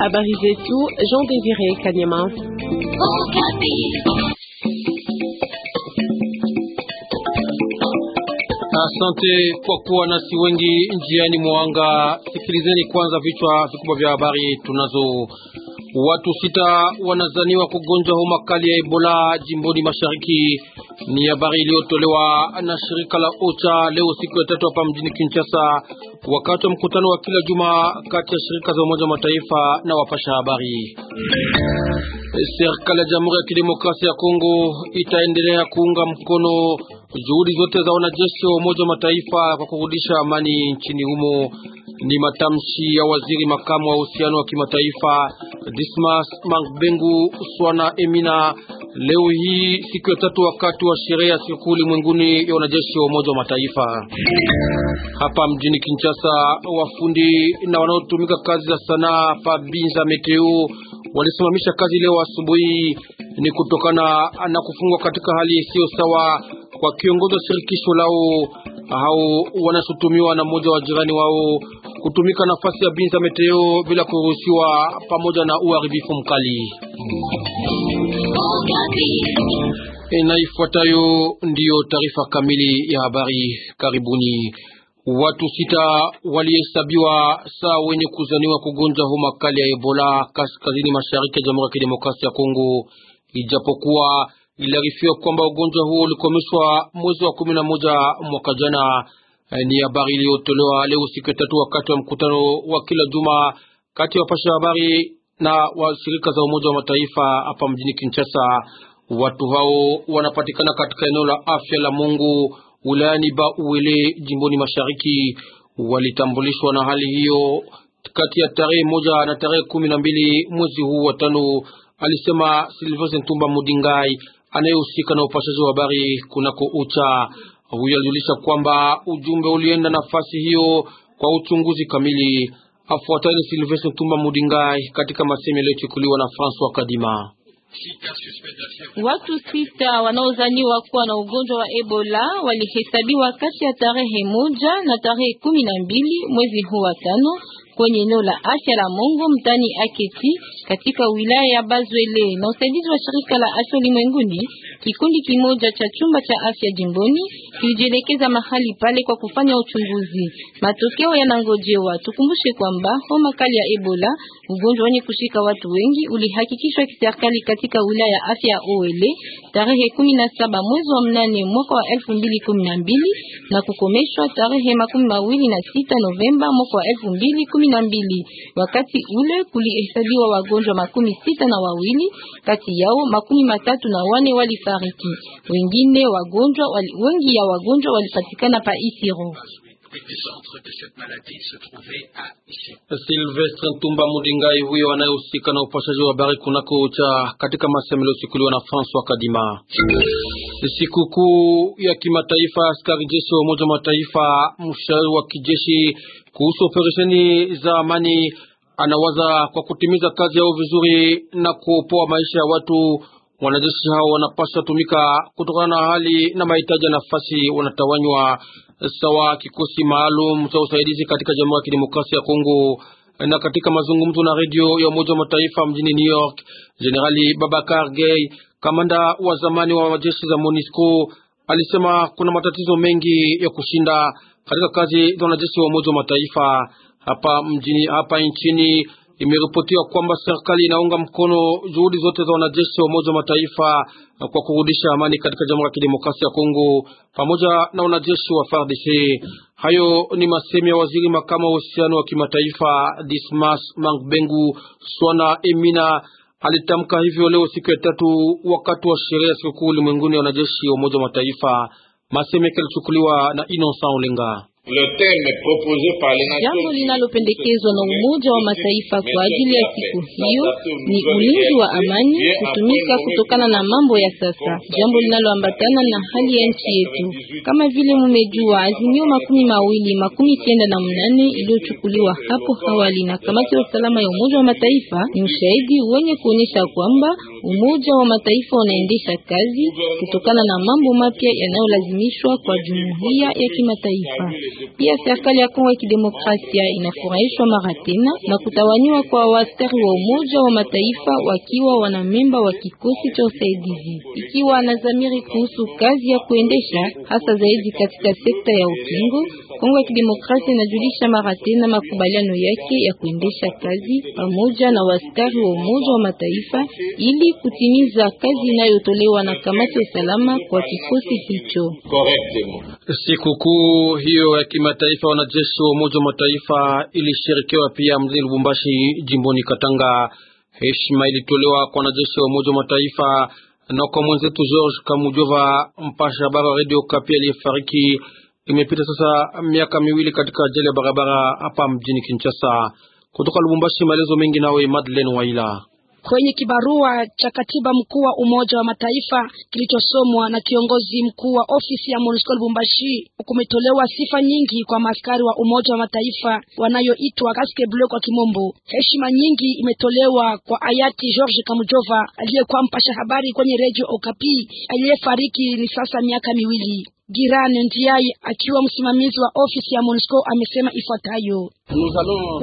Habari zetu Jean Désiré Kanyama. Asante kwa kuwa nasi wengi njiani mwanga. Sikilizeni kwanza vichwa vikubwa vya habari tunazo. Watu sita wanazaniwa kugonjwa homa kali ya Ebola jimboni mashariki ni habari iliyotolewa na shirika la OCHA leo siku ya tatu hapa mjini Kinshasa, wakati wa mkutano wa kila juma kati ya shirika za Umoja wa Mataifa na wapasha habari. Serikali ya Jamhuri ya Kidemokrasia ya Kongo itaendelea kuunga mkono juhudi zote za wanajeshi wa Umoja wa Mataifa kwa kurudisha amani nchini humo. Ni matamshi ya waziri makamu wa uhusiano wa kimataifa Dismas Mangbengu Swana Emina leo hii siku ya tatu wakati wa sherehe ya siku ulimwenguni ya wanajeshi wa Umoja wa Mataifa hapa mjini Kinshasa. Wafundi na wanaotumika kazi za sanaa pa Binza Meteo walisimamisha kazi leo asubuhi, ni kutokana na kufungwa katika hali isiyo sawa kwa kiongozi wa shirikisho lao. Hao wanashutumiwa na mmoja wa jirani wao kutumika nafasi ya Binza Meteo bila kuruhusiwa pamoja na uharibifu mkali E, na ifuatayo ndiyo taarifa kamili ya habari. Karibuni. Watu sita walihesabiwa saa wenye kuzaniwa kugonjwa homa kali ya Ebola kaskazini mashariki ya Jamhuri ya Kidemokrasia ya Kongo, ijapokuwa ilarifiwa kwamba ugonjwa huo ulikomeshwa mwezi wa kumi na moja mwaka jana. E, ni habari iliyotolewa leo siku ya tatu wakati wa mkutano wa kila juma kati ya wapasha habari na wa shirika za Umoja wa Mataifa hapa mjini Kinshasa. Watu hao wanapatikana katika eneo la afya la Mungu wilayani uele jimboni Mashariki. Walitambulishwa na hali hiyo kati ya tarehe moja na tarehe kumi na mbili mwezi huu wa tano, alisema Silvestre Ntumba Mudingai anayehusika na upashaji wa habari kunako Ucha. Huyo alijulisha kwamba ujumbe ulienda nafasi hiyo kwa uchunguzi kamili. Afuatani Silvestre Tumba Mudingai katika masemi yaliyochukuliwa na Francois Kadima. Watu sita wanaozaniwa kuwa na ugonjwa wa Ebola walihesabiwa kati ya tarehe moja na tarehe kumi na mbili mwezi huu wa tano kwenye eneo la afya la Mongo mtani Aketi katika wilaya ya Bazwele na usaidizi wa shirika la afya ulimwenguni. Kikundi kimoja cha chumba cha afya jimboni kilijielekeza mahali pale kwa kufanya uchunguzi. Matokeo yanangojewa. Tukumbushe kwamba homa kali ya Ebola Ugonjwa wenye kushika watu wengi ulihakikishwa kiserikali katika wilaya ya afya ya Owele tarehe 17 mwezi wa mnane mwaka wa 2012 na kukomeshwa tarehe 26 na Novemba mwaka wa 2012. Wakati ule kulihesabiwa wagonjwa makumi sita na wawili, kati yao makumi matatu na wane walifariki. Wengine wagonjwa wali, wengi ya wagonjwa walipatikana pa Isiro épicentre de cette maladie se trouvait à ici. Sylvestre Ntumba Mudingai huyo anayehusika na upashaji wa habari kunako cha katika masemo yaliyochukuliwa na François Kadima. Sikukuu ya kimataifa askari jeshi wa Umoja wa Mataifa, mshauri wa kijeshi kuhusu operesheni za amani anawaza kwa kutimiza kazi yao vizuri na kuopoa maisha ya watu Wanajeshi hao wanapaswa tumika kutokana na hali na mahitaji ya nafasi wanatawanywa sawa kikosi maalum cha usaidizi katika Jamhuri ya Kidemokrasia ya Kongo. Na katika mazungumzo na redio ya Umoja wa Mataifa mjini New York, Jenerali Babakar Gay, kamanda wa zamani wa majeshi za MONUSCO, alisema kuna matatizo mengi ya kushinda katika kazi za wanajeshi wa Umoja wa Mataifa hapa mjini hapa nchini Imeripotiwa kwamba serikali inaunga mkono juhudi zote za wanajeshi wa Umoja wa Mataifa kwa kurudisha amani katika Jamhuri ya Kidemokrasia ya Kongo pamoja na wanajeshi wa FARDC. Hayo ni masemi ya waziri makama wa uhusiano wa kimataifa Dismas Mangbengu Swana Emina. Alitamka hivyo leo siku ya tatu wakati wa sherehe ya sikukuu ulimwenguni ya wanajeshi wa Umoja wa Mataifa. Masemi yake yalichukuliwa na Innocent Olenga. Jambo linalopendekezwa na Umoja wa Mataifa kwa ajili ya siku hiyo ni ulinzi wa amani kutumika kutokana na mambo ya sasa, jambo linaloambatana na hali ya nchi yetu. Kama vile mumejua, azimio makumi mawili makumi kenda na mnane iliyochukuliwa hapo awali na kamati ya usalama ya Umoja wa Mataifa ni ushahidi wenye kuonyesha kwamba Umoja wa Mataifa unaendesha kazi kutokana na mambo mapya yanayolazimishwa kwa jumuiya ya kimataifa. Pia serikali ya Kongo ya Kidemokrasia inafurahishwa mara tena na kutawanywa kwa waaskari wa Umoja wa Mataifa wakiwa wanamemba wa kikosi cha usaidizi, ikiwa na dhamiri kuhusu kazi ya kuendesha hasa zaidi katika sekta ya ukingo. Kongo ya Kidemokrasia inajulisha mara tena makubaliano yake ya kuendesha kazi pamoja na waaskari wa Umoja wa Mataifa ili kutimiza kazi inayotolewa na kamati ya salama kwa kikosi hicho. Sikukuu hiyo ya kimataifa wanajeshi wa Umoja wa Mataifa ilishirikiwa pia mjini Lubumbashi, jimboni Katanga. Heshima ilitolewa kwa wanajeshi wa Umoja wa Mataifa na kwa mwenzetu George Kamujova, mpasha habari wa Radio Kapi aliyefariki. Imepita sasa miaka miwili katika ajali ya barabara hapa mjini Kinshasa. Kutoka Lubumbashi, maelezo mengi nawe Madeleine Waila. Kwenye kibarua cha katiba mkuu wa Umoja wa Mataifa kilichosomwa na kiongozi mkuu wa ofisi ya MONUSCO Lubumbashi, kumetolewa sifa nyingi kwa maaskari wa Umoja wa Mataifa wanayoitwa casque bleu kwa kimombo. Heshima nyingi imetolewa kwa hayati George Kamujova aliyekuwa mpasha habari kwenye Radio Okapi aliyefariki ni sasa miaka miwili. Girane Ndiaye akiwa msimamizi wa ofisi ya MONUSCO amesema ifuatayo: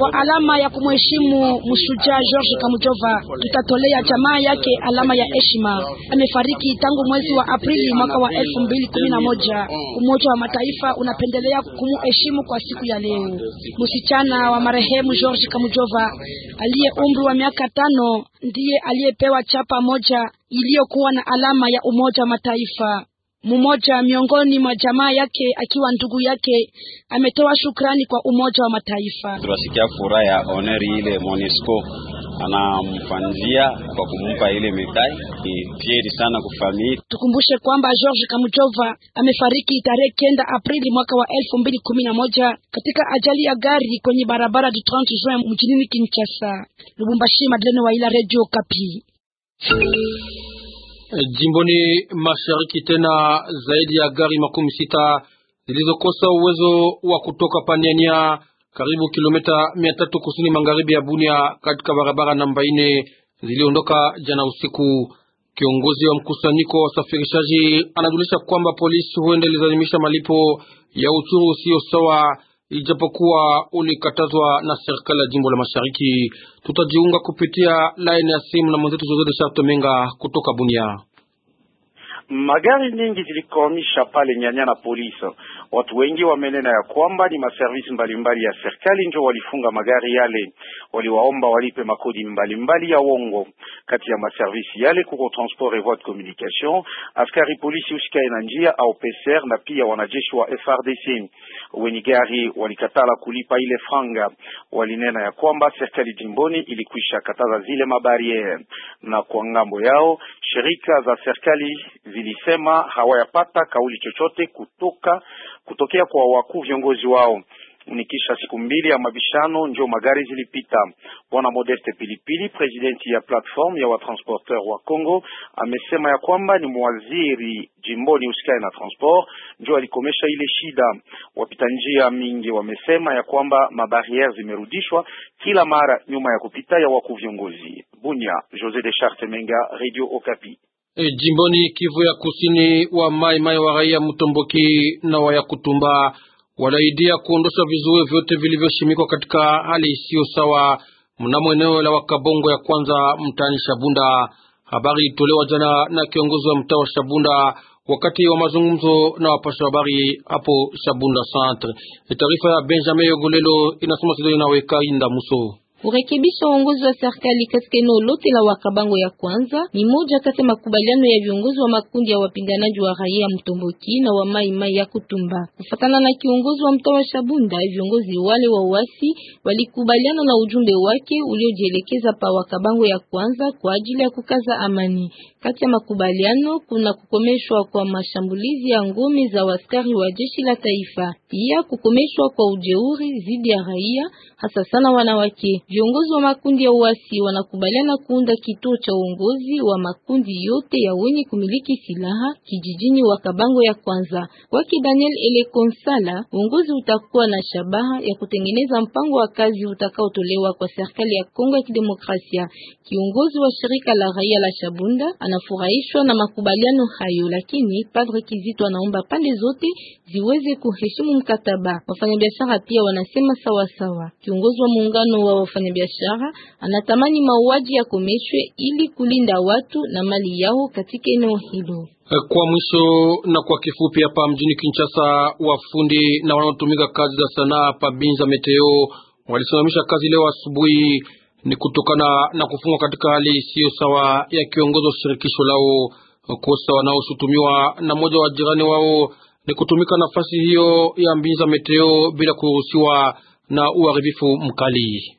kwa alama ya kumheshimu mshujaa George Kamujova, tutatolea jamaa yake alama ya heshima. Amefariki tangu mwezi wa Aprili mwaka wa elfu mbili kumi na moja. Umoja wa Mataifa unapendelea kumheshimu kwa siku ya leo. Msichana wa marehemu George Kamujova aliye umri wa miaka tano ndiye aliyepewa chapa moja iliyokuwa na alama ya Umoja wa Mataifa. Mmoja miongoni mwa jamaa yake akiwa ndugu yake ametoa shukrani kwa Umoja wa Mataifa. Tunasikia furaha ya honeri ile monesco anamfanzia kwa kumpa ile medali ni tieri sana kufamilia. Tukumbushe kwamba George Kamujova amefariki tarehe kenda Aprili mwaka wa elfu mbili kumi na moja katika ajali ya gari kwenye barabara du 30 Juin mjini Kinshasa. Lubumbashi, Madlene Waila, Radio Kapi. Eh, jimboni mashariki tena zaidi ya gari makumi sita zilizokosa uwezo wa kutoka Paniania, karibu kilomita mia tatu kusini magharibi ya Bunia, katika barabara namba ine ziliondoka jana usiku. Kiongozi wa mkusanyiko wa wasafirishaji anajulisha kwamba polisi huenda ilizalimisha malipo ya uchuru usio sawa ijapokuwa ulikatazwa na serikali ya jimbo la mashariki. Tutajiunga kupitia laini ya simu na mwenzetu Jose de Charles Menga kutoka Bunia magari nyingi zilikomisha pale nyanya na polisi. Watu wengi wamenena ya kwamba ni maservisi mbalimbali ya serikali ndio walifunga magari yale, waliwaomba walipe makodi mbalimbali mbali ya uongo. Kati ya maservisi yale kuko transport et voie de communication, askari polisi usikae na njia au PCR na pia wanajeshi wa FRDC wenye gari walikatala kulipa ile franga. Walinena ya kwamba serikali jimboni ilikwisha kataza zile mabariere, na kwa ngambo yao shirika za serikali zilisema hawayapata kauli chochote kutoka kutokea kwa wakuu viongozi wao. Ni kisha siku mbili ya mabishano ndio magari zilipita. Bwana Modeste Pilipili, presidenti ya platforme ya watransporteur wa Congo, amesema ya kwamba ni mwaziri jimboni usikae na transport ndio alikomesha ile shida. Wapita njia mingi wamesema ya kwamba mabariere zimerudishwa kila mara nyuma ya kupita ya wakuu viongozi. Bunya, Jose de Charte Menga, Radio Okapi. E, jimboni Kivu ya Kusini wa mai mai wa raia Mtomboki na wa Yakutumba walaidia kuondosha vizuio vyote vilivyoshimikwa katika hali isiyo sawa mnamo eneo la Wakabongo ya kwanza mtaani Shabunda. Habari itolewa jana na kiongozi wa mtaa wa Shabunda wakati wa mazungumzo na wapasha habari hapo Shabunda Centre. E, taarifa ya Benjamin Yogolelo inasoma Sidoni na Muso. Kurekebisha uongozi wa serikali katika eneo lote la Wakabango ya kwanza ni moja kati makubaliano ya viongozi wa makundi ya wapiganaji wa raia Mtomboki na wa Maimai ya Kutumba. Kufatana na kiongozi wa mtoa wa Shabunda, viongozi wale wa uasi walikubaliana na ujumbe wake uliojielekeza pa Wakabango ya kwanza kwa ajili ya kukaza amani. Kati ya makubaliano kuna kukomeshwa kwa mashambulizi ya ngome za waskari wa jeshi la taifa, pia kukomeshwa kwa ujeuri dhidi ya raia hasa sana wanawake. Viongozi wa makundi ya uasi wanakubaliana kuunda kituo cha uongozi wa makundi yote ya wenye kumiliki silaha kijijini wa Kabango ya kwanza. Kwake Daniel Elekonsala, uongozi utakuwa na shabaha ya kutengeneza mpango wa kazi utakaotolewa kwa serikali ya Kongo ya Kidemokrasia. Kiongozi wa shirika la raia la Shabunda anafurahishwa na makubaliano hayo, lakini Padre Kizito anaomba pande zote ziweze kuheshimu mkataba. Wafanyabiashara pia wanasema sawa sawa. Kiongozi wa muungano wa wafanyabiashara anatamani mauaji yakomeshwe ili kulinda watu na mali yao katika eneo hilo. Eh, kwa mwisho na kwa kifupi, hapa mjini Kinshasa, wafundi na wanaotumika kazi za sanaa pa Binza Meteo walisimamisha kazi leo asubuhi. Ni kutokana na kufungwa katika hali isiyo sawa ya kiongozi shirikisho lao. Kosa wanaoshutumiwa na mmoja wa jirani wao ni kutumika nafasi hiyo ya Binza Meteo bila kuruhusiwa na uharibifu mkali.